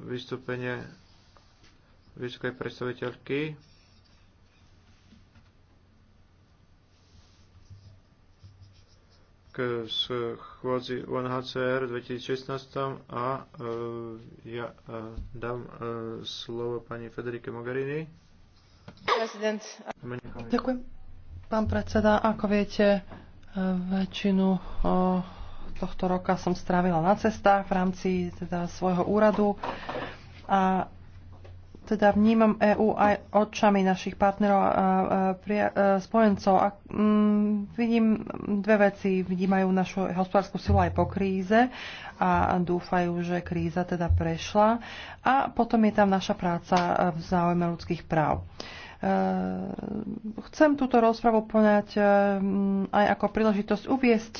vystúpenie vysokej predstaviteľky. k schôdzi UNHCR v 2016 a e, ja e, dám e, slovo pani Federike Mogherini. President. Ďakujem. Pán predseda, ako viete, e, väčšinu o tohto roka som strávila na cestách v rámci teda svojho úradu a teda vnímam EÚ aj očami našich partnerov a, pria, e, spojencov. A, mm, vidím dve veci. Vnímajú našu hospodárskú silu aj po kríze a dúfajú, že kríza teda prešla. A potom je tam naša práca v záujme ľudských práv. E, chcem túto rozpravu poňať e, aj ako príležitosť uviesť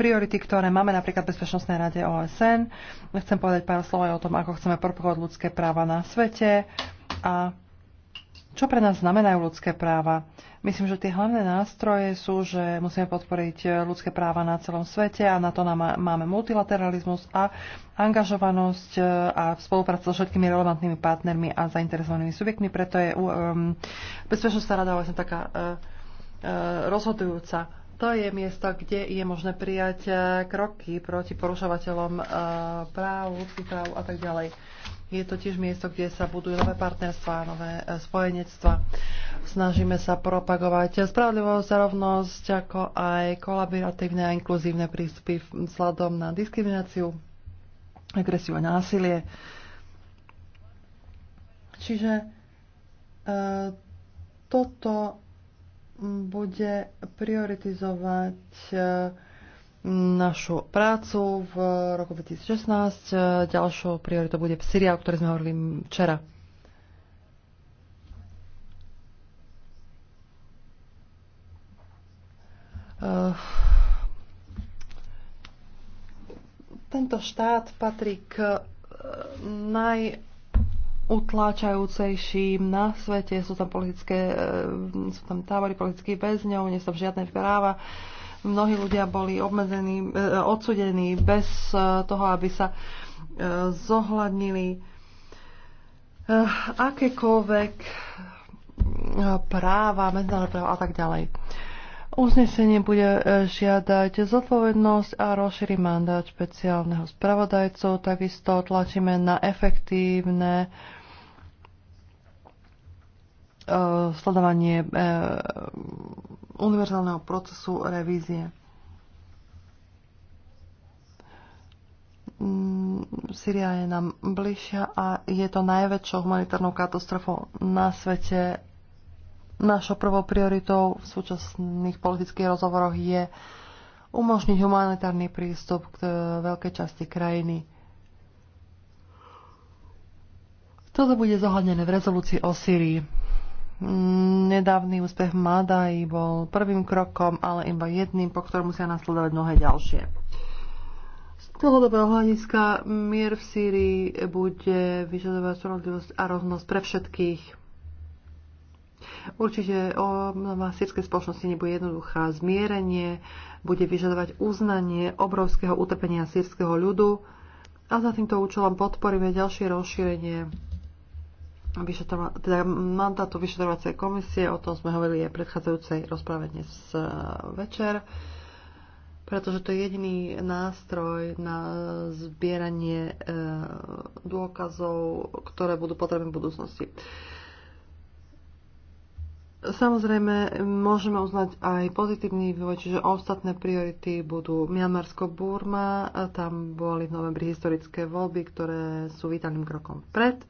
priority, ktoré máme napríklad v Bezpečnostnej rade OSN. Chcem povedať pár slov aj o tom, ako chceme propagovať ľudské práva na svete a čo pre nás znamenajú ľudské práva? Myslím, že tie hlavné nástroje sú, že musíme podporiť ľudské práva na celom svete a na to nám máme multilateralizmus a angažovanosť e, a spolupráca so všetkými relevantnými partnermi a zainteresovanými subjektmi. Preto je um, Bezpečnostná rada vlastne taká uh, uh, rozhodujúca to je miesto, kde je možné prijať e, kroky proti porušovateľom e, práv, ľudských práv a tak ďalej. Je to tiež miesto, kde sa budujú nové partnerstvá, nové e, spojenectva. Snažíme sa propagovať spravodlivosť a rovnosť, ako aj kolaboratívne a inkluzívne prístupy vzhľadom na diskrimináciu, agresiu a násilie. Čiže e, toto bude prioritizovať eh, našu prácu v roku 2016. Eh, ďalšou prioritou bude Syria, o ktorej sme hovorili včera. Eh, tento štát patrí k naj utláčajúcejším na svete. Sú tam, politické, e, sú tam tábory politických väzňov, nie sú tam žiadne práva. Mnohí ľudia boli obmedzení, e, odsudení bez e, toho, aby sa zohľadnili akékoľvek práva, medzinárodné práva a tak ďalej. Uznesenie bude žiadať zodpovednosť a rozšíri mandát špeciálneho spravodajcu, takisto tlačíme na efektívne Eh, sledovanie eh, univerzálneho procesu revízie. Mm, Syria je nám bližšia a je to najväčšou humanitárnou katastrofou na svete. Našou prvou prioritou v súčasných politických rozhovoroch je umožniť humanitárny prístup k eh, veľkej časti krajiny. Toto bude zohľadnené v rezolúcii o Syrii. Mm, nedávny úspech Madaji bol prvým krokom, ale iba jedným, po ktorom musia nasledovať mnohé ďalšie. Z dlhodobého hľadiska mier v Sýrii bude vyžadovať spravodlivosť a rovnosť pre všetkých. Určite obnova sírskej spoločnosti nebude jednoduchá. Zmierenie bude vyžadovať uznanie obrovského utrpenia sírskeho ľudu a za týmto účelom podporíme ďalšie rozšírenie vyšetrova- teda mandátu vyšetrovacej komisie, o tom sme hovorili aj predchádzajúcej rozprave dnes e, večer, pretože to je jediný nástroj na zbieranie e, dôkazov, ktoré budú potrebné v budúcnosti. Samozrejme, môžeme uznať aj pozitívny vývoj, čiže ostatné priority budú Mianmarsko-Burma, tam boli v novembri historické voľby, ktoré sú vítaným krokom vpred. E,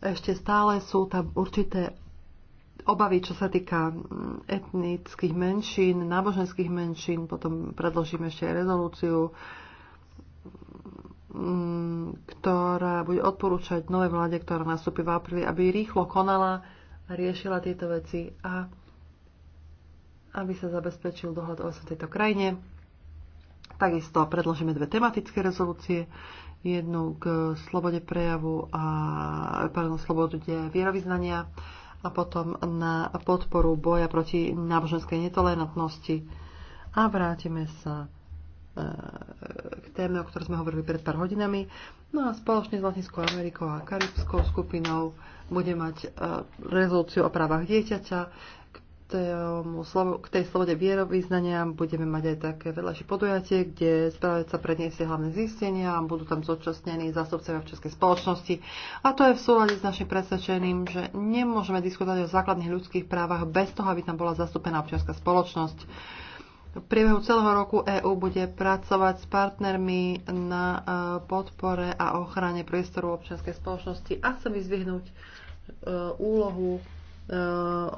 ešte stále sú tam určité obavy, čo sa týka mm, etnických menšín, náboženských menšín, potom predložíme ešte aj rezolúciu, mm, ktorá bude odporúčať novej vláde, ktorá nastúpi v apríli, aby rýchlo konala a riešila tieto veci a aby sa zabezpečil dohľad o tejto krajine. Takisto predložíme dve tematické rezolúcie, jednu k slobode prejavu a pardon, slobode vierovýznania a potom na podporu boja proti náboženskej netolerantnosti a vrátime sa e, k téme, o ktorej sme hovorili pred pár hodinami. No a spoločne s Latinskou Amerikou a Karibskou skupinou bude mať e, rezolúciu o právach dieťaťa, k tej slobode vierovýznania budeme mať aj také vedľajšie podujatie, kde sa predniesie hlavné zistenia a budú tam zúčastnení zástupcovia v českej spoločnosti. A to je v súlade s našim presvedčením, že nemôžeme diskutovať o základných ľudských právach bez toho, aby tam bola zastúpená občianská spoločnosť. V priebehu celého roku EÚ bude pracovať s partnermi na e, podpore a ochrane priestoru občianskej spoločnosti a chcem vyzvihnúť e, úlohu Eh,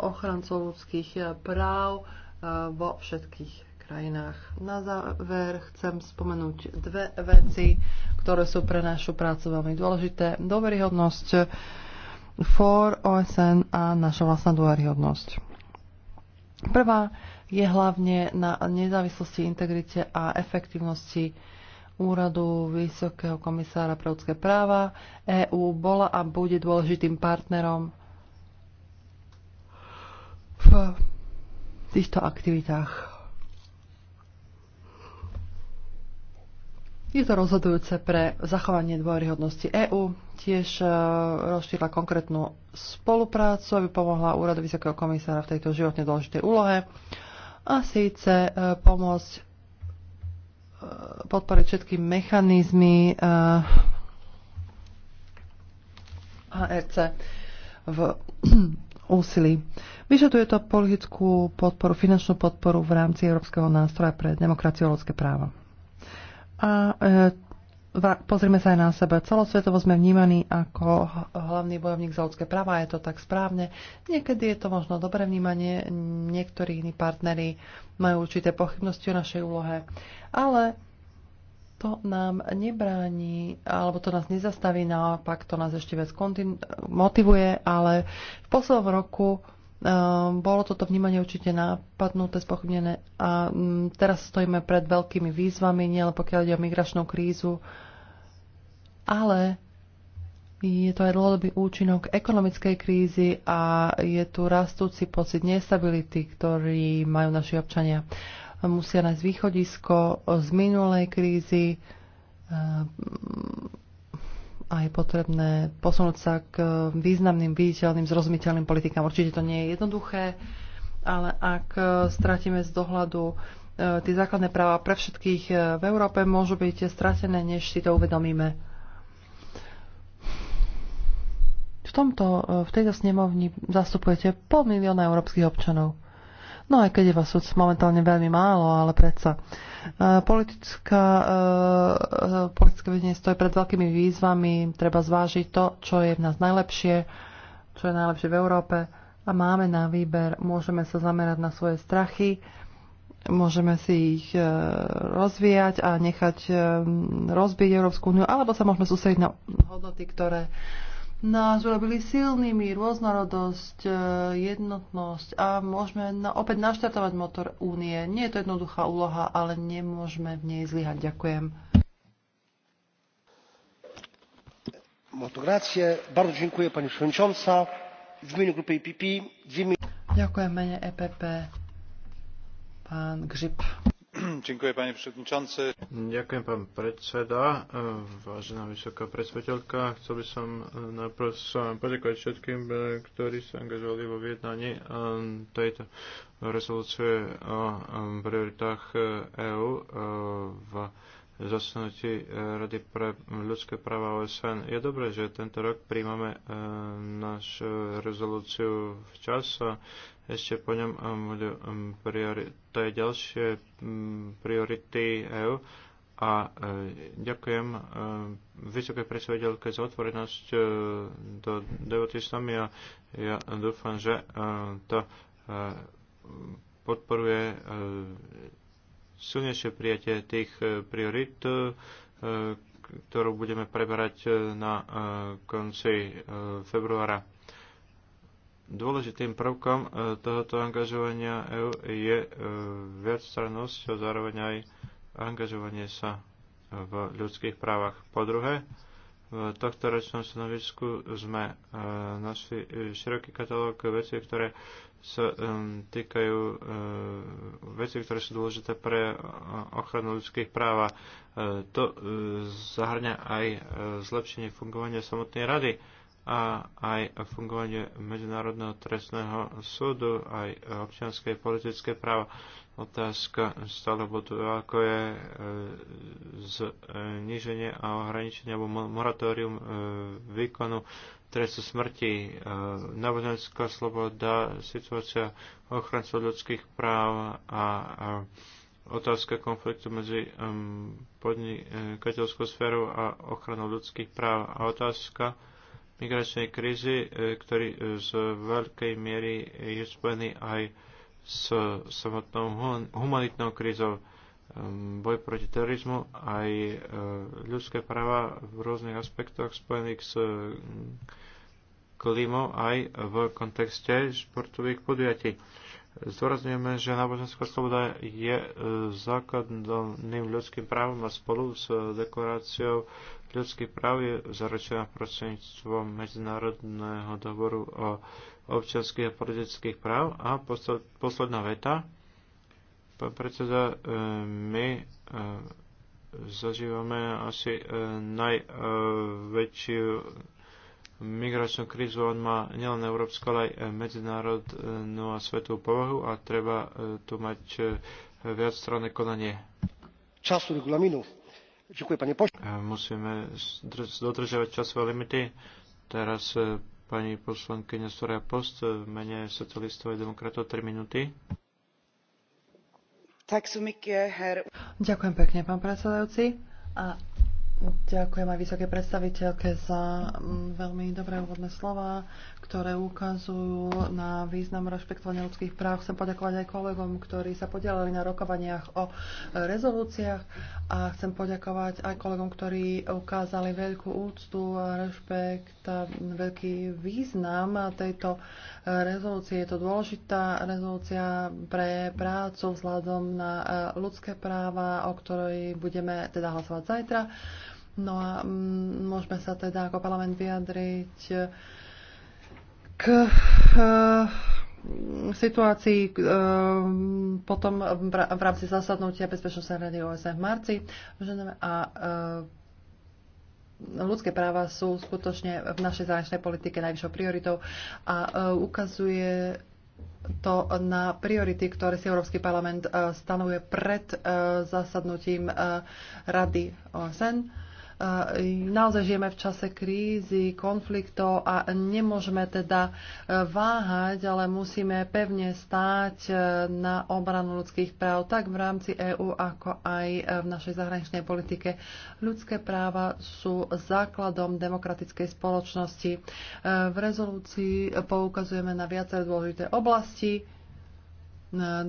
ochrancov ľudských eh, práv eh, vo všetkých krajinách. Na záver chcem spomenúť dve veci, ktoré sú pre našu prácu veľmi dôležité. Dôveryhodnosť for OSN a naša vlastná dôveryhodnosť. Prvá je hlavne na nezávislosti, integrite a efektívnosti úradu Vysokého komisára pre ľudské práva. EÚ bola a bude dôležitým partnerom v týchto aktivitách. Je to rozhodujúce pre zachovanie dôveryhodnosti EÚ. Tiež e, rozšírila konkrétnu spoluprácu, aby pomohla úradu Vysokého komisára v tejto životne dôležitej úlohe. A síce e, pomôcť e, podporiť všetky mechanizmy ARC v úsilí Vyžaduje to politickú podporu, finančnú podporu v rámci Európskeho nástroja pre demokraciu a ľudské práva. A e, pozrime sa aj na sebe. Celosvetovo sme vnímaní ako hlavný bojovník za ľudské práva, je to tak správne. Niekedy je to možno dobré vnímanie, niektorí iní partnery majú určité pochybnosti o našej úlohe, ale to nám nebráni, alebo to nás nezastaví, naopak to nás ešte viac motivuje, ale v poslednom roku Ehm, bolo toto vnímanie určite nápadnuté, spochybnené a mm, teraz stojíme pred veľkými výzvami, nielen pokiaľ ide o migračnú krízu, ale je to aj dlhodobý účinok ekonomickej krízy a je tu rastúci pocit nestability, ktorý majú naši občania. Musia nájsť východisko z minulej krízy, ehm, a je potrebné posunúť sa k významným, viditeľným, zrozumiteľným politikám. Určite to nie je jednoduché, ale ak stratíme z dohľadu e, tie základné práva pre všetkých e, v Európe, môžu byť stratené, než si to uvedomíme. V, tomto, e, v tejto snemovni zastupujete pol milióna európskych občanov. No aj keď je vás momentálne veľmi málo, ale predsa. E, politická, e, e, politické vedenie stojí pred veľkými výzvami, treba zvážiť to, čo je v nás najlepšie, čo je najlepšie v Európe a máme na výber, môžeme sa zamerať na svoje strachy, môžeme si ich rozvíjať a nechať rozbiť Európsku úniu, alebo sa môžeme sústrediť na hodnoty, ktoré nás urobili silnými, rôznorodosť, e, jednotnosť a môžeme na, opäť naštartovať motor únie. Nie je to jednoduchá úloha, ale nemôžeme v nej zlyhať. Ďakujem. Bardzo dziękuję pani przewodnicząca. W imieniu grupy EPP. Ďakujem mene EPP. Pán Gžip panie przewodniczący! ďakujem pán predseda vážená vysoká predstaviteľka chcel by som e, najprv sa poďakovať všetkým e, ktorí sa angažovali vo vyjednaní e, tejto rezolúcie o prioritách eú v zasunutí eh, Rady pre ľudské práva OSN. Je dobré, že tento rok príjmame eh, našu rezolúciu včas a ešte po ňom eh, budú mm, priority, ďalšie priority EU. A ďakujem vysokej predstaviteľke za otvorenosť do devoty s nami a ja dúfam, že to podporuje silnejšie prijatie tých e, priorit, e, ktorú budeme preberať e, na konci februára. Dôležitým prvkom tohoto angažovania EU je viacstrannosť a zároveň aj angažovanie sa v ľudských právach. Po druhé, v tohto ročnom stanovisku sme e, našli e, široký katalóg vecí, ktoré sa e, týkajú vecí, ktoré sú dôležité pre ochranu ľudských práv. To zahrňa aj zlepšenie fungovania samotnej rady a aj fungovanie Medzinárodného trestného súdu, aj občianské politické práva otázka stále bodu, ako je e, e, zniženie a ohraničenie alebo moratórium e, výkonu trestu smrti, náboženská sloboda, situácia ochrancov ľudských práv a otázka konfliktu medzi podnikateľskou sférou a ochranou ľudských práv a otázka migračnej krízy, ktorý z veľkej miery je spojený aj s samotnou humanitnou krízou, ehm, boj proti terorizmu, aj e, ľudské práva v rôznych aspektoch spojených s mm, klímou aj v kontexte športových podujatí. Zdôrazňujeme, že náboženská sloboda je e, základným ľudským právom a spolu s deklaráciou ľudských práv je zaručená prostredníctvom Medzinárodného dohovoru o občanských a politických práv. A posledná veta. Pán predseda, e, my e, zažívame asi e, najväčšiu migračnú krízu. On má nielen európsku, ale aj medzinárodnú a svetovú povahu a treba tu mať viacstranné konanie. Času regulaminu. Ďakujem, Musíme dodržiavať časové limity. Teraz pani poslankyňa Soraya Post v mene socialistov a demokratov 3 minúty. Eh, Ďakujem pekne, pán predsedajúci. A Ďakujem aj vysokej predstaviteľke za mm, veľmi dobré úvodné slova, ktoré ukazujú na význam rešpektovania ľudských práv. Chcem poďakovať aj kolegom, ktorí sa podielali na rokovaniach o rezolúciách a chcem poďakovať aj kolegom, ktorí ukázali veľkú úctu a rešpekt a veľký význam tejto rezolúcie. Je to dôležitá rezolúcia pre prácu vzhľadom na ľudské práva, o ktorej budeme teda hlasovať zajtra. No a mm, môžeme sa teda ako parlament vyjadriť eh, k eh, situácii eh, potom v rámci zasadnutia Bezpečnostnej rady OSN v marci a ľudské práva sú skutočne v našej zahraničnej politike najvyššou prioritou a ukazuje to na priority, ktoré si Európsky parlament stanovuje pred zasadnutím Rady OSN E, naozaj žijeme v čase krízy, konfliktov a nemôžeme teda e, váhať, ale musíme pevne stáť e, na obranu ľudských práv tak v rámci EÚ, ako aj v našej zahraničnej politike. Ľudské práva sú základom demokratickej spoločnosti. V rezolúcii poukazujeme na viaceré dôležité oblasti,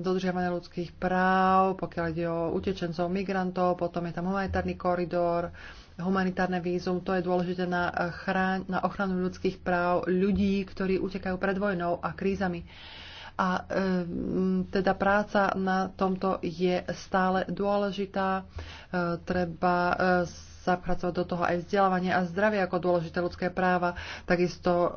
dodržiavania ľudských práv, pokiaľ ide o utečencov, migrantov, potom je tam humanitárny koridor, humanitárne vízum, to je dôležité na, chráň, na ochranu ľudských práv ľudí, ktorí utekajú pred vojnou a krízami. A e, teda práca na tomto je stále dôležitá. E, treba e, zapracovať do toho aj vzdelávanie a zdravie ako dôležité ľudské práva, takisto e,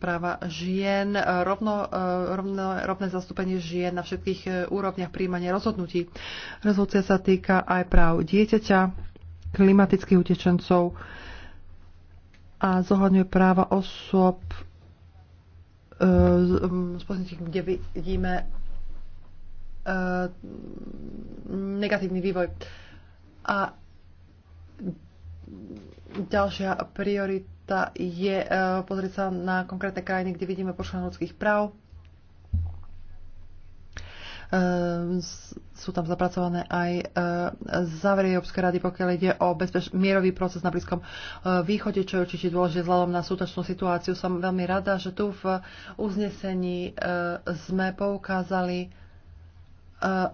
práva žien, rovno, e, rovno, rovné zastúpenie žien na všetkých e, úrovniach príjmania rozhodnutí. Rezolúcia sa týka aj práv dieťaťa klimatických utečencov a zohľadňuje práva osôb e, z poznatí, kde vidíme e, negatívny vývoj. A ďalšia priorita je e, pozrieť sa na konkrétne krajiny, kde vidíme porušenie ľudských práv Ehm, sú tam zapracované aj eh, závery Európskej rady, pokiaľ ide o bezpeč- mierový proces na Blízkom eh, východe, čo je určite dôležité vzhľadom na súčasnú situáciu. Som veľmi rada, že tu v uznesení eh, sme poukázali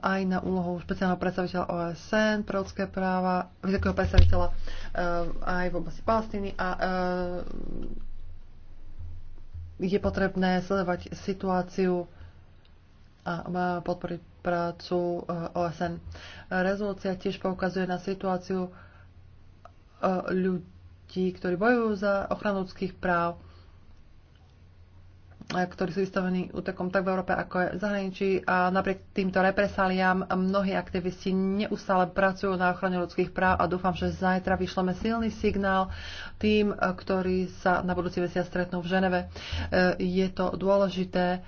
aj na úlohu špeciálneho predstaviteľa OSN pre ľudské práva, vysokého predstaviteľa aj v oblasti Palestíny a je potrebné sledovať situáciu a má podporiť prácu eh, OSN. Rezolúcia tiež poukazuje na situáciu eh, ľudí, ktorí bojujú za ochranu ľudských práv, eh, ktorí sú vystavení útekom tak v Európe, ako aj v zahraničí. A napriek týmto represáliám mnohí aktivisti neustále pracujú na ochrane ľudských práv a dúfam, že zajtra vyšleme silný signál tým, ktorí sa na budúci mesiac stretnú v Ženeve. Je to dôležité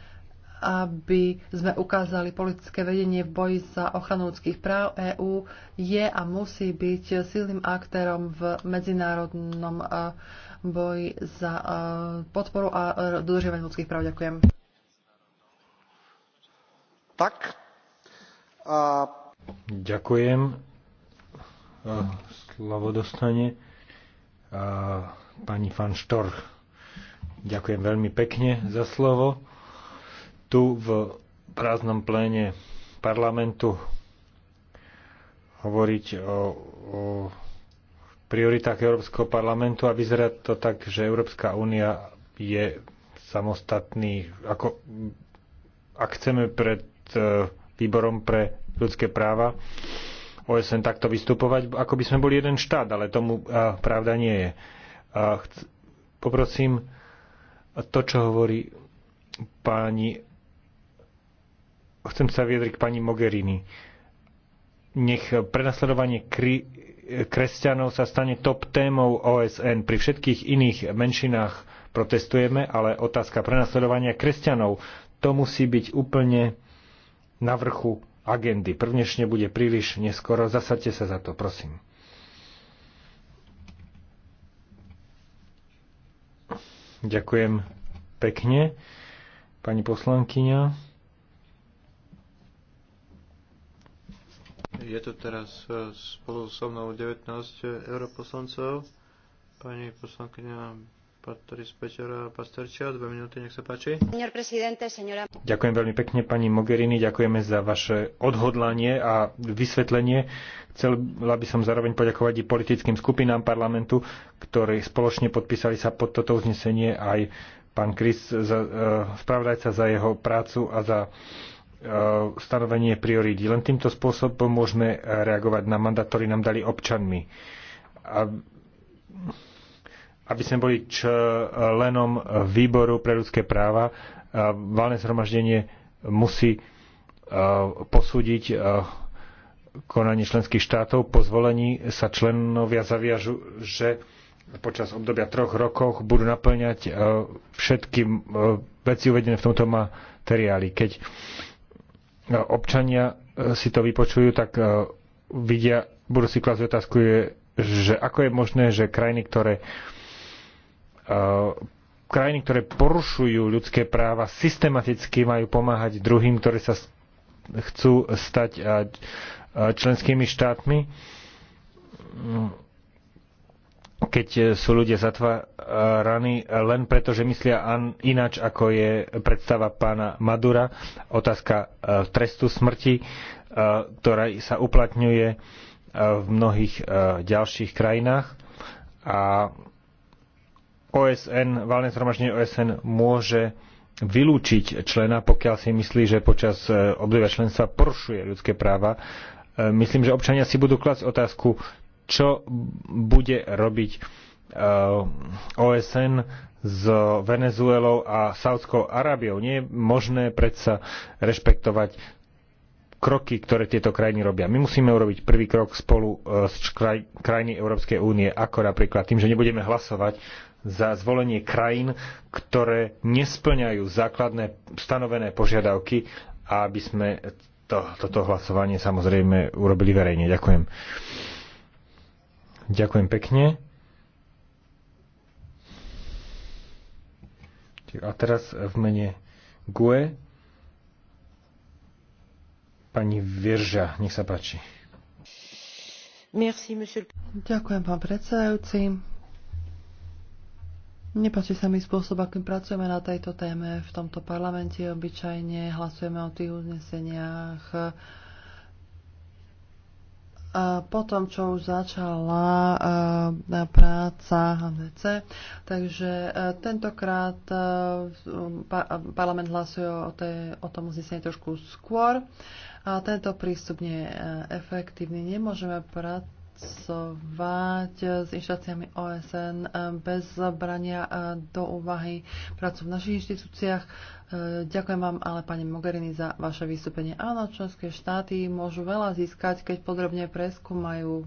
aby sme ukázali politické vedenie v boji za ochranu ľudských práv. EÚ je a musí byť silným aktérom v medzinárodnom e, boji za e, podporu a e, dodržiavanie ľudských práv. Ďakujem. Tak. A... Ďakujem. Slovo dostane pani Fan Štorch. Ďakujem veľmi pekne za slovo tu v prázdnom pléne parlamentu hovoriť o, o prioritách Európskeho parlamentu a vyzerá to tak, že Európska únia je samostatný, ako, ak chceme pred e, výborom pre ľudské práva OSN takto vystupovať, ako by sme boli jeden štát, ale tomu a, e, pravda nie je. A chc- poprosím to, čo hovorí páni chcem sa vyjadriť k pani Mogherini. Nech prenasledovanie kri- kresťanov sa stane top témou OSN. Pri všetkých iných menšinách protestujeme, ale otázka prenasledovania kresťanov, to musí byť úplne na vrchu agendy. Prvnešne bude príliš neskoro. Zasadte sa za to, prosím. Ďakujem pekne, pani poslankyňa. Je tu teraz e, spolu so mnou 19 europoslancov. Pani poslankyňa Patris a Pasterčia, dve minúty, nech sa páči. Ďakujem veľmi pekne, pani Mogherini, ďakujeme za vaše odhodlanie a vysvetlenie. Chcela by som zároveň poďakovať i politickým skupinám parlamentu, ktorí spoločne podpísali sa pod toto uznesenie aj pán Kris, e, spravodajca za jeho prácu a za uh, E, stanovenie priorít. Len týmto spôsobom môžeme reagovať na mandát, ktorý nám dali občanmi. Aby sme boli členom výboru pre ľudské práva, e, valné zhromaždenie musí e, posúdiť konanie členských štátov. Po zvolení sa členovia zaviažu, že počas obdobia troch rokov budú naplňať všetky veci uvedené v tomto materiáli. Keď občania e, si to vypočujú, tak e, vidia, budú si klasť otázku, je, že ako je možné, že krajiny, ktoré e, krajiny, ktoré porušujú ľudské práva, systematicky majú pomáhať druhým, ktorí sa chcú stať členskými štátmi keď e, sú ľudia zatváraní len preto, že myslia ináč, ako je predstava pána Madura. Otázka e, trestu smrti, e, ktorá sa uplatňuje v mnohých ďalších krajinách. A OSN, valné zhromaždenie OSN môže vylúčiť člena, pokiaľ si myslí, že počas obdobia členstva porušuje ľudské práva. Myslím, že občania si budú klásť otázku, čo bude robiť e, OSN s Venezuelou a Saudskou Arábiou. Nie je možné predsa rešpektovať kroky, ktoré tieto krajiny robia. My musíme urobiť prvý krok spolu e, s kraj, krajiny Európskej únie, ako napríklad tým, že nebudeme hlasovať za zvolenie krajín, ktoré nesplňajú základné stanovené požiadavky aby sme to, toto hlasovanie samozrejme urobili verejne. Ďakujem. Ďakujem pekne. A teraz v mene GUE pani Virža, nech sa páči. Merci, monsieur... Ďakujem, pán predsedajúci. Nepáči sa mi spôsob, akým pracujeme na tejto téme v tomto parlamente. Obyčajne hlasujeme o tých uzneseniach, po tom, čo už začala e, práca HDC. Takže e, tentokrát e, parlament hlasuje o, te- o tom uznesení trošku skôr. A tento prístup nie je efektívny. Nemôžeme pracovať pracovať s inštáciami OSN eh, bez zabrania eh, do úvahy prácu v našich inštitúciách. Eh, ďakujem vám ale, pani Mogherini, za vaše vystúpenie. Áno, členské štáty môžu veľa získať, keď podrobne preskúmajú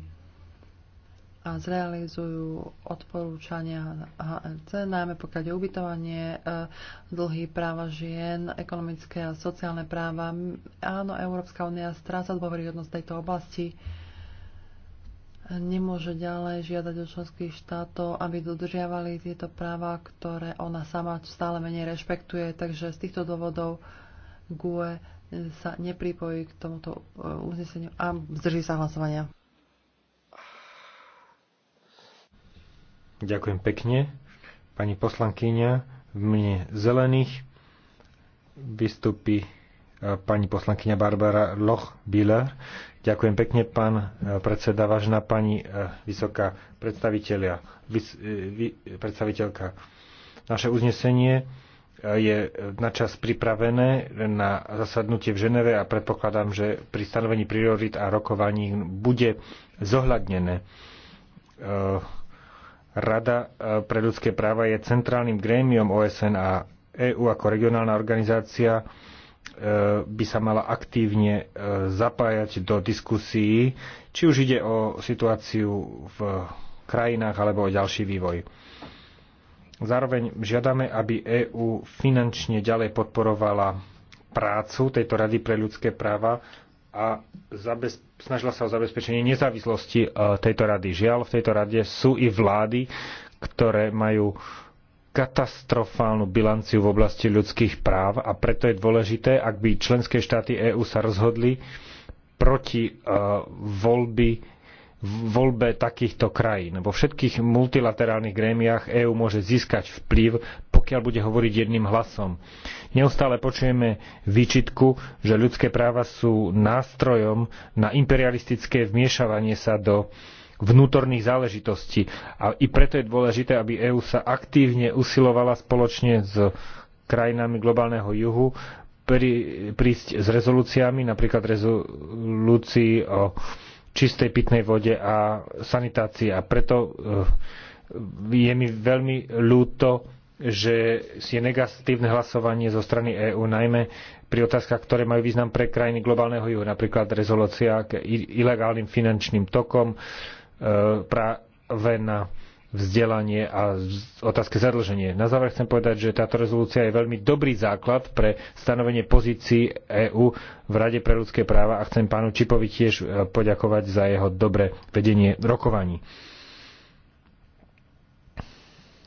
a zrealizujú odporúčania HRC, najmä pokiaľ je ubytovanie, dlhy práva žien, ekonomické a sociálne práva. Áno, Európska únia stráca dôveryhodnosť tejto oblasti nemôže ďalej žiadať od členských štátov, aby dodržiavali tieto práva, ktoré ona sama stále menej rešpektuje. Takže z týchto dôvodov GUE sa nepripojí k tomuto e, uzneseniu a zdrží sa hlasovania. Ďakujem pekne. Pani poslankyňa v mne zelených vystupí e, pani poslankyňa Barbara Loch-Biller. Ďakujem pekne, pán e, predseda, vážna pani e, vysoká predstaviteľia, vys, e, vy, predstaviteľka. Naše uznesenie je načas pripravené na zasadnutie v Ženeve a predpokladám, že pri stanovení priorit a rokovaní bude zohľadnené. Rada pre ľudské práva je centrálnym grémiom OSN a EU ako regionálna organizácia E, by sa mala aktívne e, zapájať do diskusií, či už ide o situáciu v krajinách alebo o ďalší vývoj. Zároveň žiadame, aby EÚ finančne ďalej podporovala prácu tejto Rady pre ľudské práva a zabez... snažila sa o zabezpečenie nezávislosti e, tejto rady. Žiaľ, v tejto rade sú i vlády, ktoré majú uh, katastrofálnu bilanciu v oblasti ľudských práv a preto je dôležité, ak by členské štáty EÚ sa rozhodli proti uh, voľby, voľbe takýchto krajín. Vo všetkých multilaterálnych grémiách EÚ môže získať vplyv, pokiaľ bude hovoriť jedným hlasom. Neustále počujeme výčitku, že ľudské práva sú nástrojom na imperialistické vmiešavanie sa do uh, vnútorných záležitostí. A i preto je dôležité, aby EÚ sa aktívne usilovala spoločne s krajinami globálneho juhu pri, prísť s rezolúciami, napríklad rezolúcii o čistej pitnej vode a sanitácii. A preto eh, je mi veľmi ľúto, že je negatívne hlasovanie zo strany EÚ, najmä pri otázkach, ktoré majú význam pre krajiny globálneho juhu, napríklad rezolúcia k ilegálnym finančným tokom, práve na vzdelanie a otázke zadlženie. Na záver chcem povedať, že táto rezolúcia je veľmi dobrý základ pre stanovenie pozícií EÚ v Rade pre ľudské práva a chcem pánu Čipovi tiež e, poďakovať za jeho dobré vedenie rokovaní.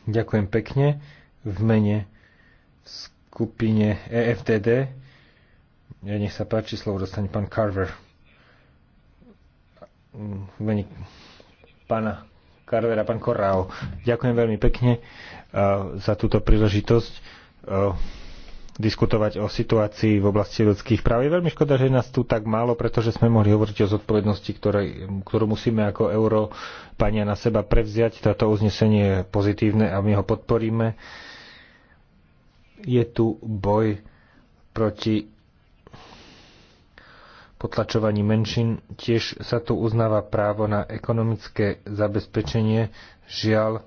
Ďakujem pekne. V mene skupine EFTD. Ja nech sa páči, slovo dostane pán Carver. V mene pána Carvera, pán Korrao. Ďakujem veľmi pekne uh, za túto príležitosť uh, diskutovať o situácii v oblasti ľudských práv. Je veľmi škoda, že nás tu tak málo, pretože sme mohli hovoriť o zodpovednosti, ktoré, ktorú musíme ako Európania na seba prevziať. Toto uznesenie je pozitívne a my ho podporíme. Je tu boj proti potlačovaní menšín, tiež sa tu uznáva právo na ekonomické zabezpečenie. Žiaľ,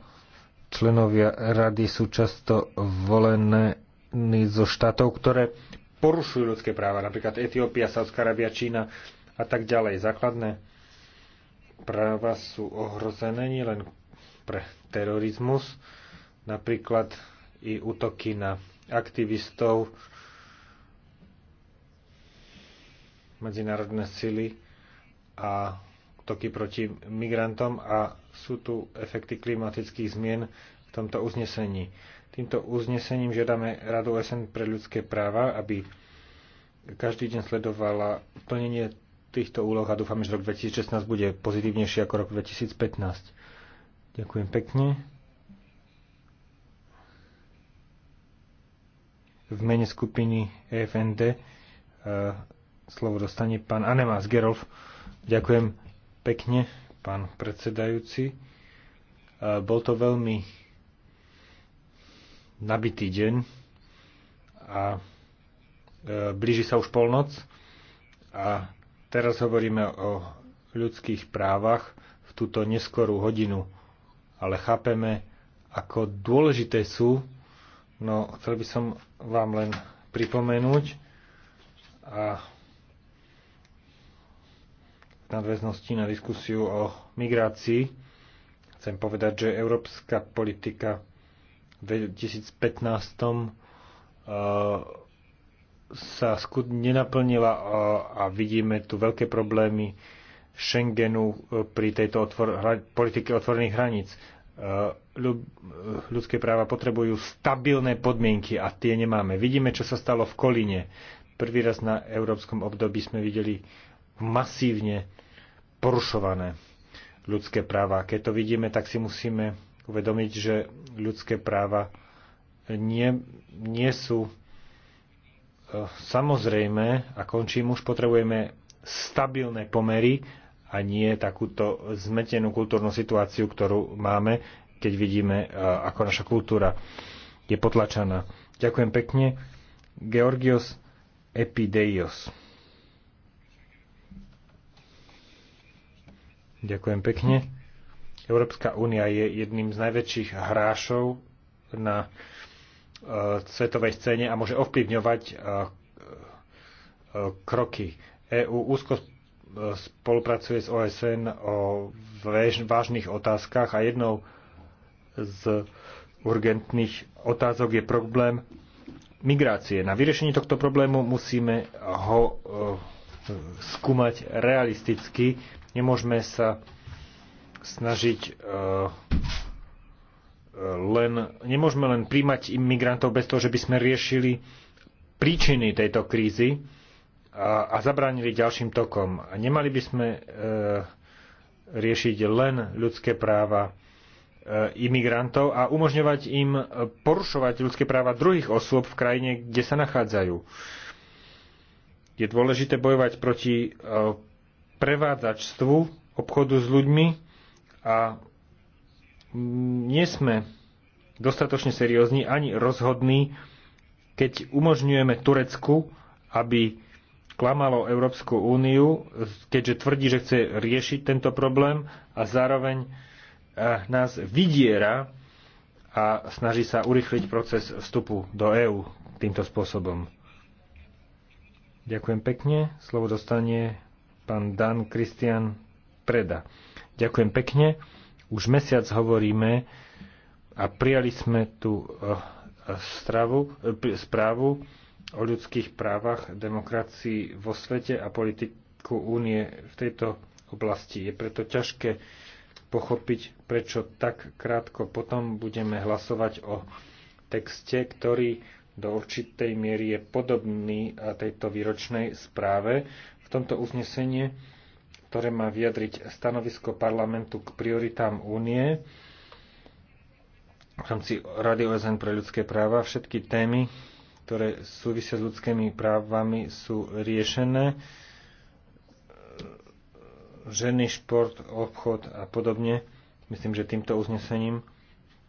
členovia rady sú často volené zo štátov, ktoré porušujú ľudské práva, napríklad Etiópia, Sávská Arábia, Čína a tak ďalej. Základné práva sú ohrozené nielen pre terorizmus, napríklad i útoky na aktivistov, medzinárodné sily a toky proti migrantom a sú tu efekty klimatických zmien v tomto uznesení. Týmto uznesením žiadame Radu SN pre ľudské práva, aby každý deň sledovala plnenie týchto úloh a dúfam, že rok 2016 bude pozitívnejší ako rok 2015. Ďakujem pekne. V mene skupiny EFND e, slovo dostane pán Anemás Gerolf. Ďakujem pekne, pán predsedajúci. E, bol to veľmi nabitý deň a e, blíži sa už polnoc a teraz hovoríme o ľudských právach v túto neskorú hodinu, ale chápeme, ako dôležité sú. No, chcel by som vám len pripomenúť a nadväznosti na diskusiu o migrácii chcem povedať, že európska politika v 2015 eh, sa skut nenaplnila eh, a vidíme tu veľké problémy Schengenu eh, pri tejto otvor- politike otvorených hraníc. Ľudské práva potrebujú stabilné podmienky a tie nemáme. Vidíme, čo sa stalo v Kolíne. Prvý raz na európskom období sme videli masívne porušované ľudské práva. Keď to vidíme, tak si musíme uvedomiť, že ľudské práva nie, nie sú e, samozrejme, a končím, už potrebujeme stabilné pomery a nie takúto zmetenú kultúrnu situáciu, ktorú máme, keď vidíme, e, ako naša kultúra je potlačaná. Ďakujem pekne. Georgios Epideios. Ďakujem pekne. Európska únia je jedným z najväčších hrášov na uh, svetovej scéne a môže ovplyvňovať uh, uh, kroky. EÚ úzko spolupracuje s OSN o väž, vážnych otázkach a jednou z urgentných otázok je problém migrácie. Na vyriešenie tohto problému musíme ho skúmať realisticky Nemôžeme sa snažiť e, e, len, nemôžeme len príjmať imigrantov bez toho, že by sme riešili príčiny tejto krízy a, a zabránili ďalším tokom. A nemali by sme e, riešiť len ľudské práva e, imigrantov a umožňovať im porušovať ľudské práva druhých osôb v krajine, kde sa nachádzajú. Je dôležité bojovať proti e, prevádzačstvu, obchodu s ľuďmi a nie sme dostatočne seriózni ani rozhodní, keď umožňujeme Turecku, aby klamalo Európsku úniu, keďže tvrdí, že chce riešiť tento problém a zároveň eh, nás vydiera a snaží sa urychliť proces vstupu do EÚ týmto spôsobom. Ďakujem pekne. Slovo dostane pán Dan Kristian Preda. Ďakujem pekne. Už mesiac hovoríme a prijali sme tú eh, stravu, eh, správu o ľudských právach, demokracii vo svete a politiku únie v tejto oblasti. Je preto ťažké pochopiť, prečo tak krátko potom budeme hlasovať o texte, ktorý do určitej miery je podobný eh, tejto výročnej správe, tomto uznesenie, ktoré má vyjadriť stanovisko parlamentu k prioritám únie v rámci Rady OSN pre ľudské práva. Všetky témy, ktoré súvisia s ľudskými právami, sú riešené. Ženy, šport, obchod a podobne. Myslím, že týmto uznesením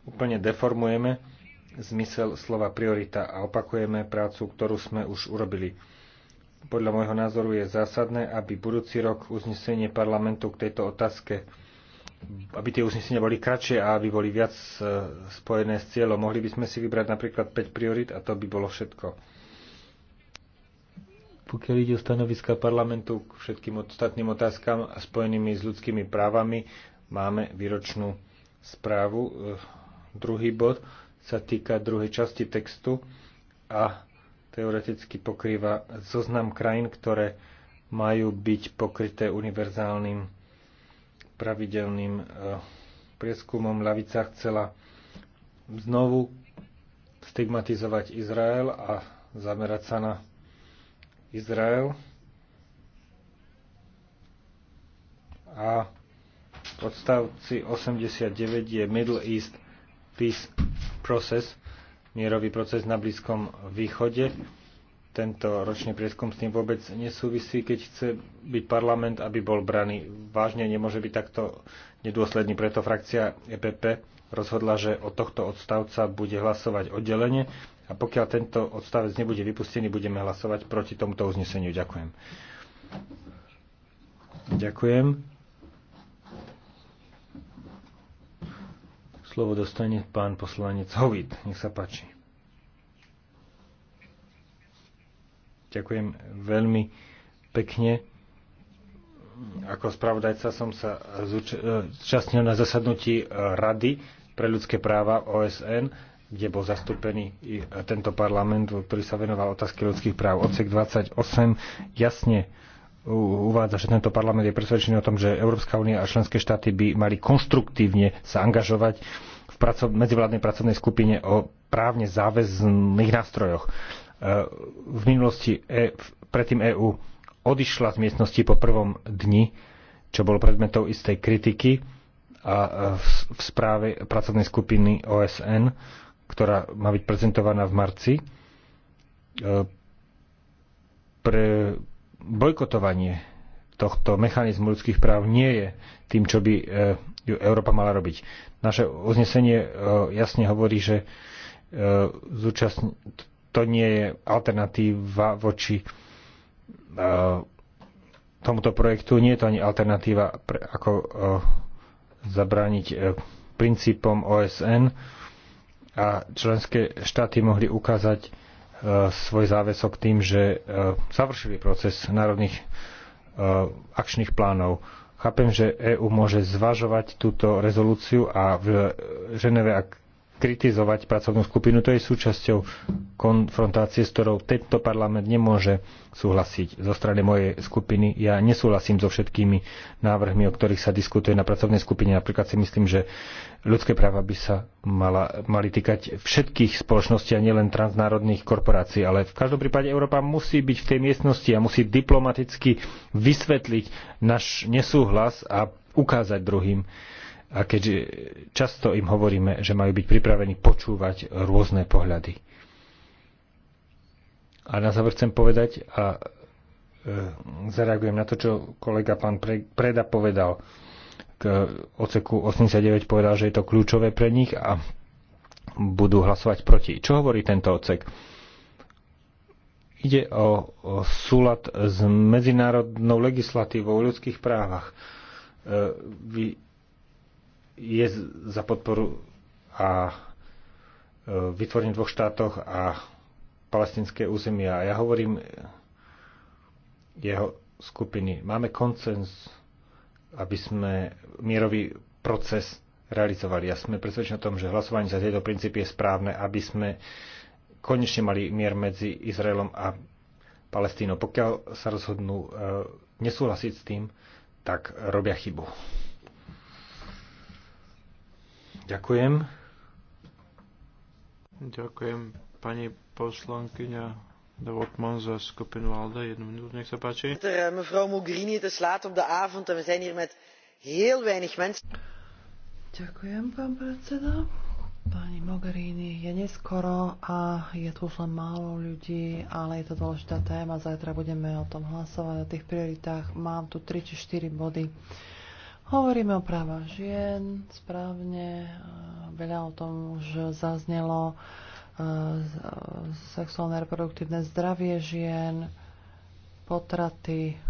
úplne deformujeme zmysel slova priorita a opakujeme prácu, ktorú sme už urobili. Podľa môjho názoru je zásadné, aby budúci rok uznesenie parlamentu k tejto otázke aby tie uznesenia boli kratšie a aby boli viac e, spojené s cieľom. Mohli by sme si vybrať napríklad 5 priorit a to by bolo všetko. Pokiaľ ide o stanoviska parlamentu k všetkým ostatným otázkam spojenými s ľudskými právami, máme výročnú správu. E, druhý bod sa týka druhej časti textu a teoreticky pokrýva zoznam krajín, ktoré majú byť pokryté univerzálnym pravidelným e, prieskumom. Lavica chcela znovu stigmatizovať Izrael a zamerať sa na Izrael. A v 89 je Middle East Peace Process – mierový proces na Blízkom východe. Tento ročný prieskum s tým vôbec nesúvisí, keď chce byť parlament, aby bol braný. Vážne nemôže byť takto nedôsledný, preto frakcia EPP rozhodla, že od tohto odstavca bude hlasovať oddelenie a pokiaľ tento odstavec nebude vypustený, budeme hlasovať proti tomuto uzneseniu. Ďakujem. Ďakujem. Slovo dostane pán poslanec Hovid. Nech sa páči. Ďakujem veľmi pekne. Ako spravodajca som sa e, zúčastnil na zasadnutí e, Rady pre ľudské práva OSN, kde bol zastúpený i tento parlament, ktorý sa venoval otázky ľudských práv. Odsek 28 jasne uvádza, že tento parlament je presvedčený o tom, že Európska únia a členské štáty by mali konštruktívne sa angažovať v praco- medzivládnej pracovnej skupine o právne záväzných nástrojoch. E, v minulosti e- predtým EÚ odišla z miestnosti po prvom dni, čo bolo predmetom istej kritiky a e, v, v správe pracovnej skupiny OSN, ktorá má byť prezentovaná v marci, e, pre, bojkotovanie tohto mechanizmu ľudských práv nie je tým, čo by e, Európa mala robiť. Naše uznesenie e, jasne hovorí, že e, to nie je alternatíva voči tomuto projektu, nie je to ani alternatíva, pre, ako zabrániť princípom OSN a členské štáty mohli ukázať, svoj záväzok tým, že e, završili proces národných e, akčných plánov. Chápem, že EÚ môže zvažovať túto rezolúciu a v Ženeve, ak kritizovať pracovnú skupinu. To je súčasťou konfrontácie, s ktorou tento parlament nemôže súhlasiť. Zo strany mojej skupiny ja nesúhlasím so všetkými návrhmi, o ktorých sa diskutuje na pracovnej skupine. Napríklad si myslím, že ľudské práva by sa mala, mali týkať všetkých spoločností a nielen transnárodných korporácií. Ale v každom prípade Európa musí byť v tej miestnosti a musí diplomaticky vysvetliť náš nesúhlas a ukázať druhým, a keďže často im hovoríme, že majú byť pripravení počúvať rôzne pohľady. A na záver chcem povedať a e, zareagujem na to, čo kolega pán Preda povedal k oceku 89 povedal, že je to kľúčové pre nich a budú hlasovať proti. Čo hovorí tento ocek? Ide o, o súlad s medzinárodnou legislatívou o ľudských právach. E, vy je za podporu a e, vytvorenie dvoch štátoch a palestinské územia. A ja hovorím jeho skupiny. Máme koncens, aby sme mierový proces realizovali. Ja sme presvedčení o tom, že hlasovanie za tieto princípy je správne, aby sme konečne mali mier medzi Izraelom a Palestínou. Pokiaľ sa rozhodnú e, nesúhlasiť s tým, tak robia chybu. Ďakujem. Ďakujem pani poslankyňa de Wortman za skupinu ALDE. Jednu minútu, nech sa páči. Eh, mevrouw Mogherini, het is laat op de avond en we zijn hier met heel weinig mensen. Ďakujem, pán predseda. Pani Mogherini, je neskoro a je tu už len málo ľudí, ale je to dôležitá téma. Zajtra budeme o tom hlasovať, o tých prioritách. Mám tu 3 či 4 body. Uh, Hovoríme o právach žien, správne, veľa o tom už zaznelo, sexuálne reproduktívne zdravie žien, potraty,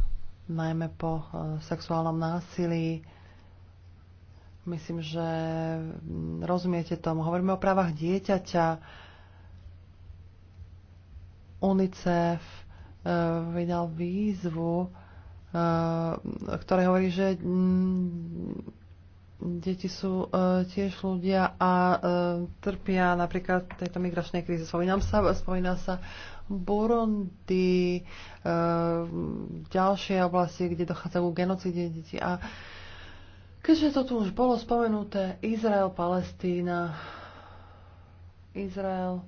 najmä po sexuálnom násilí. Myslím, že rozumiete tomu. Hovoríme o právach dieťaťa, UNICEF e, vydal výzvu, Eh, ktoré hovorí, že mm, deti sú eh, tiež ľudia a eh, trpia napríklad tejto migračnej kríze. Spomínam sa, spomína sa Burundi, ďalšie oblasti, kde dochádza ku genocíde detí. A keďže to tu už bolo spomenuté, Izrael, Palestína, Izrael,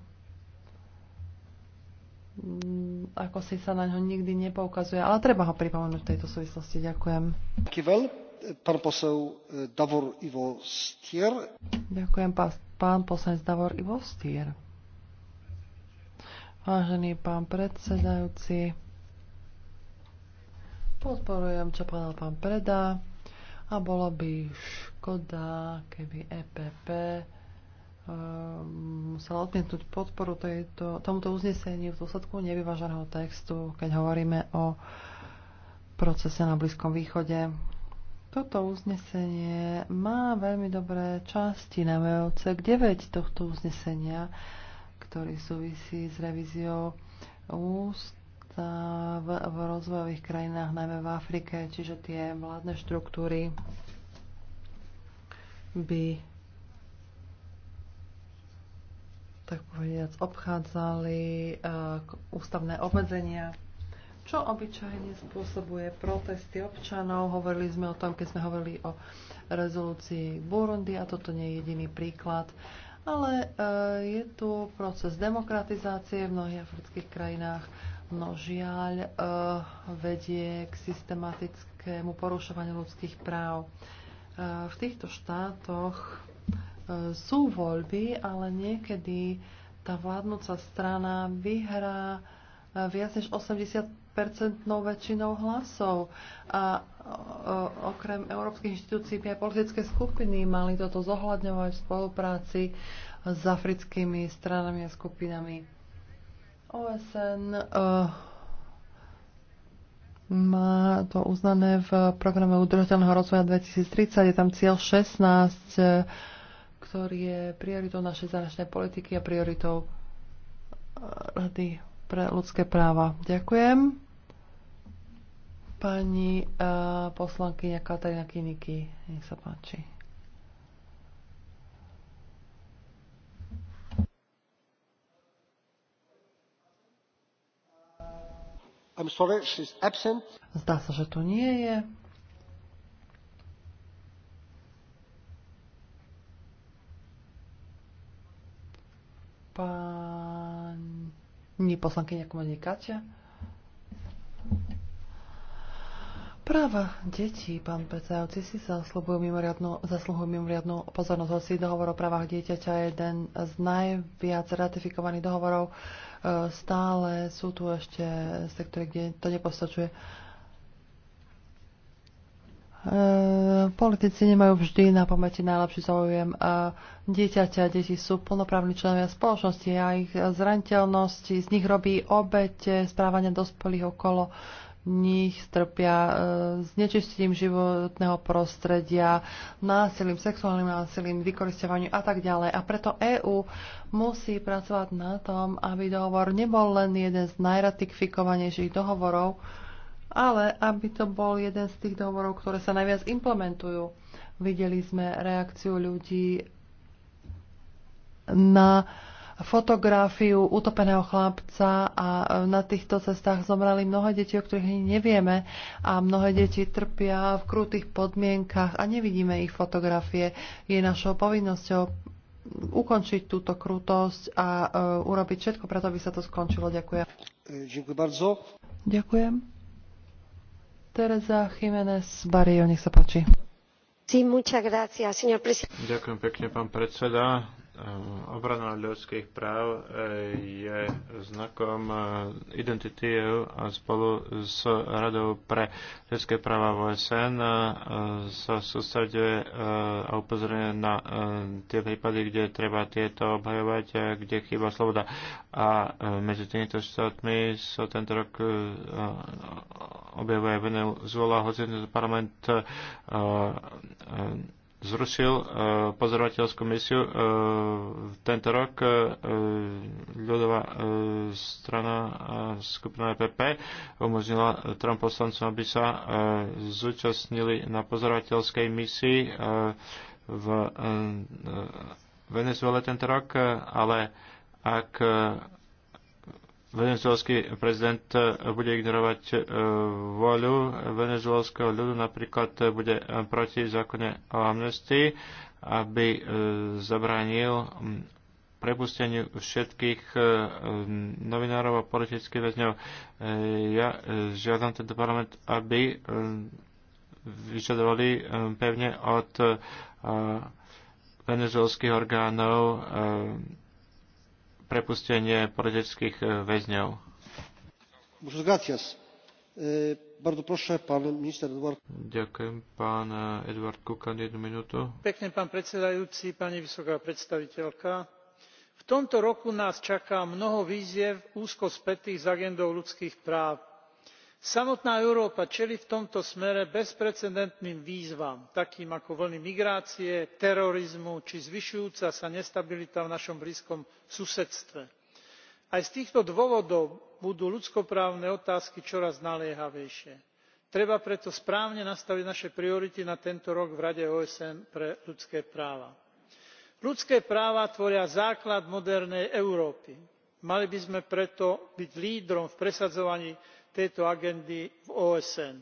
Mm, ako si sa na ňo nikdy nepoukazuje, ale treba ho pripomenúť v tejto súvislosti. Ďakujem. Pán posel e, Davor Ivo Stier. Ďakujem, pán, pán poslanec Davor Ivo Stier. Vážený pán predsedajúci, podporujem, čo povedal pán Preda a bolo by škoda, keby EPP Ehm, musela odmietnúť podporu tejto, tomuto uzneseniu v dôsledku nevyváženého textu, keď hovoríme o procese na Blízkom východe. Toto uznesenie má veľmi dobré časti na VOC 9 tohto uznesenia, ktorý súvisí s revíziou ústav v rozvojových krajinách, najmä v Afrike, čiže tie vládne štruktúry by tak povediac, obchádzali eh, ústavné obmedzenia, čo obyčajne spôsobuje protesty občanov. Hovorili sme o tom, keď sme hovorili o rezolúcii Burundi a toto nie je jediný príklad. Ale eh, je tu proces demokratizácie v mnohých afrických krajinách. No žiaľ eh, vedie k systematickému porušovaniu ľudských práv. v týchto štátoch sú voľby, ale niekedy tá vládnúca strana vyhrá eh, viac než 80-percentnou väčšinou hlasov. A eh, okrem európskych inštitúcií aj politické skupiny mali toto zohľadňovať v spolupráci s africkými stranami a skupinami. OSN uh, eh, má to uznané v programe udržateľného rozvoja 2030. Je tam cieľ 16 ktorý je prioritou našej zahraničnej politiky a prioritou eh, Rady pre ľudské práva. Ďakujem. Pani uh, poslankyňa Katarína Kiniky, nech sa páči. I'm sorry, she's absent. Zdá sa, že tu nie je. Pani poslankyňa Kumenie Katia. Práva detí, pán predsedajúci, si zasluhujú mimoriadnú, zasluhujú mimoriadnú pozornosť. Hoci dohovor o právach dieťaťa je jeden z najviac ratifikovaných dohovorov, e, stále sú tu ešte sektory, kde to nepostačuje. E, politici nemajú vždy na pamäti najlepší záujem e, dieťaťa. Deti sú plnoprávni členovia spoločnosti a ich zraniteľnosti z nich robí obete správania dospelých okolo nich trpia znečistením e, životného prostredia, násilím, sexuálnym násilím, vykoristovaním a tak ďalej. A preto EÚ musí pracovať na tom, aby dohovor nebol len jeden z najratifikovanejších dohovorov, ale aby to bol jeden z tých dohovorov, ktoré sa najviac implementujú. Videli sme reakciu ľudí na fotografiu utopeného chlapca a na týchto cestách zomrali mnohé deti, o ktorých ani nevieme a mnohé deti trpia v krutých podmienkach a nevidíme ich fotografie. Je našou povinnosťou ukončiť túto krutosť a e, urobiť všetko preto, aby sa to skončilo. Ďakujem. Ďakujem Ďakujem. Teresa Jiménez Barrio, nech sa páči. Ďakujem pekne, pán predseda Ehm, obrana ľudských práv eh, je znakom eh, identity EU a spolu s Radou pre ľudské práva v OSN eh, sa sústreduje a upozorňuje na tie prípady, kde treba tieto obhajovať, a kde chýba sloboda. A medzi týmito štátmi sa tento rok objavuje Venezuela, hoci parlament zrušil e, pozorovateľskú misiu e, tento rok e, ľudová strana skupina EPP umožnila trom poslancom, aby sa zúčastnili na pozorovateľskej misii v Venezuele tento rok, ale ak venezuelský prezident e, bude ignorovať e, voľu venezuelského ľudu, napríklad e, bude proti zákone o amnestii, aby zabránil prepusteniu všetkých novinárov a politických väzňov. Ja žiadam tento parlament, aby vyžadovali pevne od venezuelských orgánov prepustenie politických e, väzňov. Eh, Ďakujem, pán e, Edward Kukan, jednu minútu. Pekne, pán predsedajúci, pani vysoká predstaviteľka. V tomto roku nás čaká mnoho výziev úzko spätých s agendou ľudských práv samotná európa čelí v tomto smere bezprecedentným výzvam takým ako vlny migrácie terorizmu či zvyšujúca sa nestabilita v našom blízkom susedstve. aj z týchto dôvodov budú ľudskoprávne otázky čoraz naliehavejšie. treba preto správne nastaviť naše priority na tento rok v rade osn pre ľudské práva. ľudské práva tvoria základ modernej európy. mali by sme preto byť lídrom v presadzovaní tejto agendy v osn.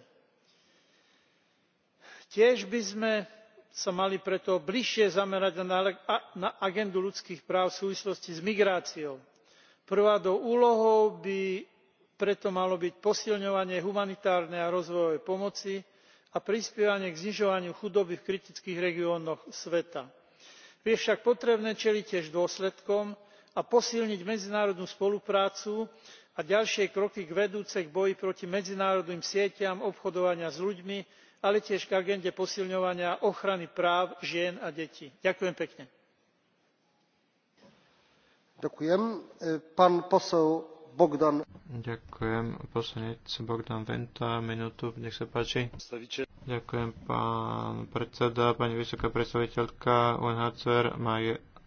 tiež by sme sa mali preto bližšie zamerať na agendu ľudských práv v súvislosti s migráciou. prvou úlohou by preto malo byť posilňovanie humanitárnej a rozvojovej pomoci a prispievanie k znižovaniu chudoby v kritických regiónoch sveta. je však potrebné čeliť tiež dôsledkom a posilniť medzinárodnú spoluprácu a ďalšie kroky vedúce k boju proti medzinárodným sieťam obchodovania s ľuďmi ale tiež k agende posilňovania ochrany práv žien a detí. ďakujem pekne. Ďakujem, e, pán predseda, pani vysoká predstaviteľka UNHCR má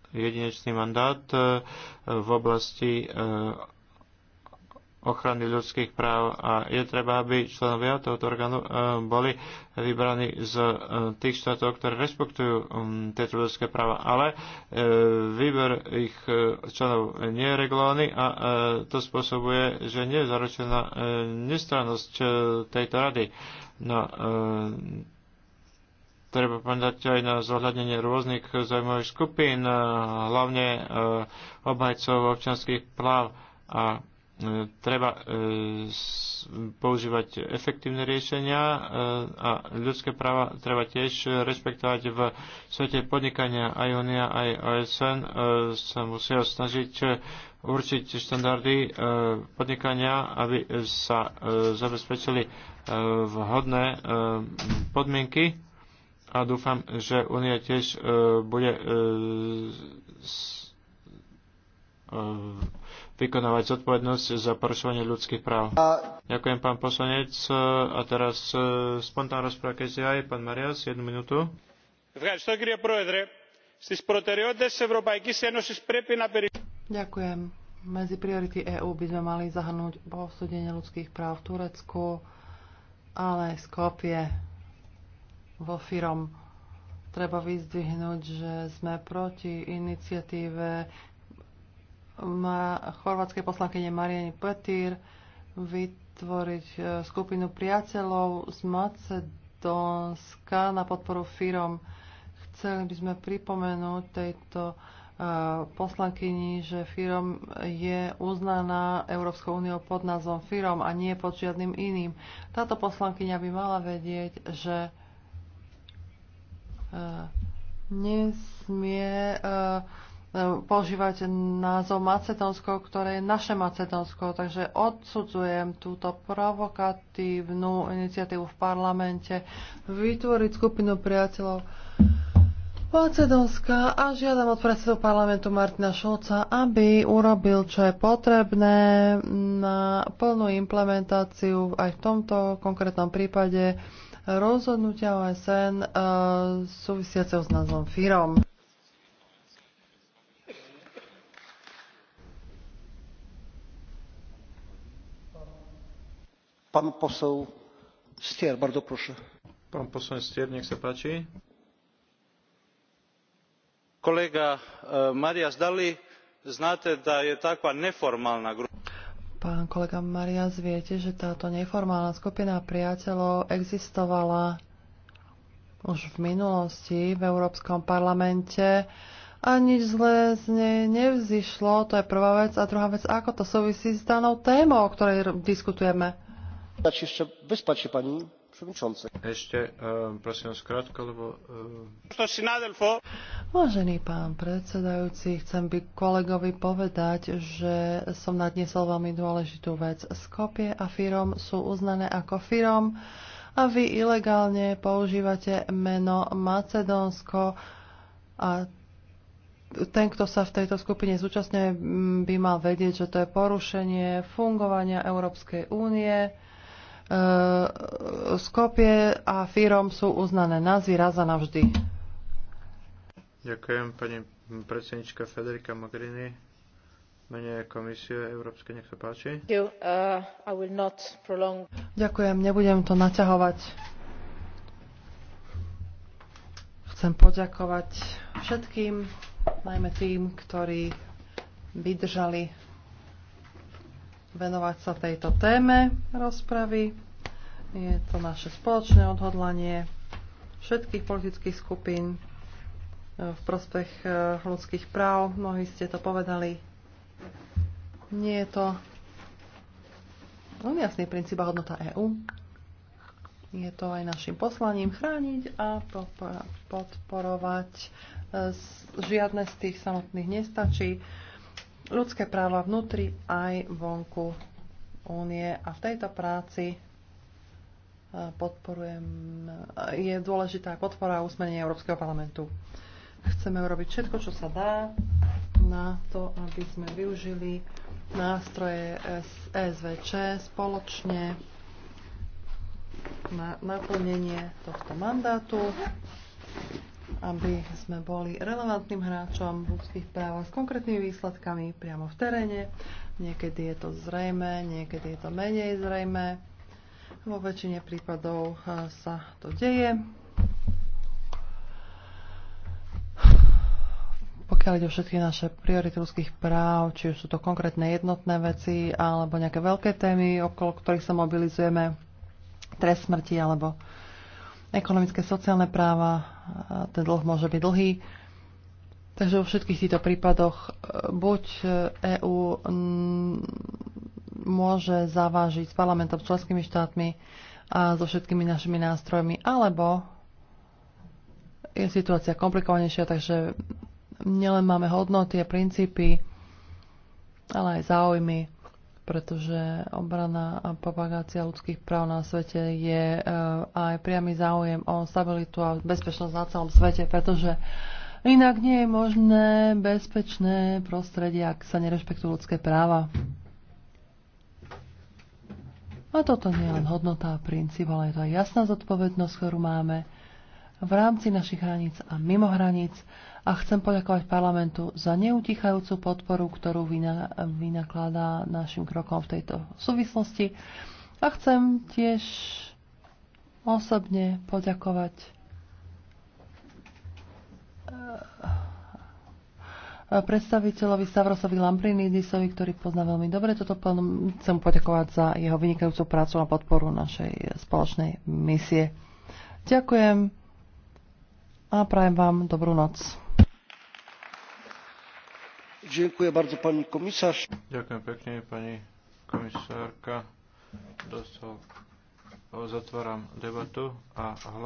jedinečný mandát e, v oblasti e, ochrany ľudských práv a je treba, aby členovia tohoto orgánu e, boli vybraní z e, tých štátov, ktoré respektujú tieto ľudské práva. Ale e, výber ich členov nie je regulovaný a to spôsobuje, že nie je zaručená nestrannosť tejto rady. No, treba povedať aj na zohľadnenie rôznych zaujímavých skupín, hlavne obhajcov občanských práv a E, treba e, používať efektívne riešenia e, a ľudské práva treba tiež rešpektovať v svete podnikania. Aj Unia, aj OSN sa musia snažiť určiť štandardy podnikania, aby sa zabezpečili vhodné podmienky a dúfam, že Unia tiež bude vykonávať zodpovednosť za porušovanie ľudských práv. A... Ďakujem, pán poslanec. A teraz e, spontán rozpráva KCI, pán Marias, jednu minútu. Ďakujem. Medzi priority EÚ by sme mali zahrnúť posúdenie ľudských práv v Turecku, ale aj Skopie vo Firom treba vyzdvihnúť, že sme proti iniciatíve má chorvátskej poslankyne Mariani Petír vytvoriť e, skupinu priateľov z Macedónska na podporu firom. Chceli by sme pripomenúť tejto e, poslankyni, že FIROM je uznaná Európskou úniou pod názvom FIROM a nie pod žiadnym iným. Táto poslankyňa by mala vedieť, že e, nesmie uh, používať názov Macedónsko, ktoré je naše Macedónsko. Takže odsudzujem túto provokatívnu iniciatívu v parlamente vytvoriť skupinu priateľov Macedónska a žiadam od predsedu parlamentu Martina Šulca, aby urobil, čo je potrebné na plnú implementáciu aj v tomto konkrétnom prípade rozhodnutia OSN e, eh, súvisiaceho s názvom FIROM. Pán posol Stier, bardzo proszę. Pán posol Stier, nech sa páči. Kolega e, Marias Dali, znate da je takva neformalna grupa? Pán kolega Marias, viete, že táto neformálna skupina priateľov existovala už v minulosti v Európskom parlamente a nič zlé z nej nevzýšlo. To je prvá vec. A druhá vec, ako to súvisí s danou témou, o ktorej diskutujeme. Ešte, prosím vás krátko, lebo... E, Vážený pán predsedajúci, chcem by kolegovi povedať, že som nadnesol veľmi dôležitú vec. Skopie a Firom sú uznané ako Firom a vy ilegálne používate meno Macedónsko a ten, kto sa v tejto skupine zúčastňuje, by mal vedieť, že to je porušenie fungovania Európskej únie Eh, Skopie a Fírom sú uznané názvy raz a navždy. Ďakujem pani predsednička Federica Magrini. Mene Komisie Európskej, nech sa páči. Eh, Ďakujem, nebudem to naťahovať. Chcem poďakovať všetkým, najmä tým, ktorí vydržali venovať sa tejto téme rozpravy. Je to naše spoločné odhodlanie všetkých politických skupín e, v prospech e, ľudských práv. Mnohí ste to povedali. Nie je to veľmi jasný princíp a hodnota EÚ. Je to aj našim poslaním chrániť a podporovať. E, žiadne z tých samotných nestačí ľudské práva vnútri aj vonku únie a v tejto práci e, podporujem, e, je dôležitá podpora a úsmenie Európskeho parlamentu. Chceme urobiť všetko, čo sa dá na to, aby sme využili nástroje SVČ e spoločne na naplnenie tohto mandátu aby sme boli relevantným hráčom v ľudských právach s konkrétnymi výsledkami priamo v teréne. Niekedy je to zrejme, niekedy je to menej zrejme. Vo väčšine prípadov eh, sa to deje. Pokiaľ ide o všetky naše priority ľudských práv, či už sú to konkrétne jednotné veci alebo nejaké veľké témy, okolo ktorých sa mobilizujeme, trest smrti alebo ekonomické sociálne práva, ten dlh môže byť dlhý. Takže vo všetkých týchto prípadoch e, buď EÚ e môže zavážiť s parlamentom, s členskými štátmi a so všetkými našimi nástrojmi, alebo je situácia komplikovanejšia, takže nielen máme hodnoty a princípy, ale aj záujmy pretože obrana a propagácia ľudských práv na svete je eh, aj priamy záujem o stabilitu a bezpečnosť na celom svete, pretože inak nie je možné bezpečné prostredie, ak sa nerešpektujú ľudské práva. A toto nie je len hodnota a princíp, ale je to aj jasná zodpovednosť, ktorú máme v rámci našich hraníc a mimo hraníc a chcem poďakovať parlamentu za neutichajúcu podporu, ktorú vynakladá našim krokom v tejto súvislosti. A chcem tiež osobne poďakovať eh, predstaviteľovi Stavrosovi Lamprinidisovi, ktorý pozná veľmi dobre toto plno. Chcem poďakovať za jeho vynikajúcu prácu a podporu našej spoločnej misie. Ďakujem a prajem vám dobrú noc. Ďakujem bardzo pani komisár. Ďakujem pekne pani komisárka. Dostal. Zatváram debatu a hlas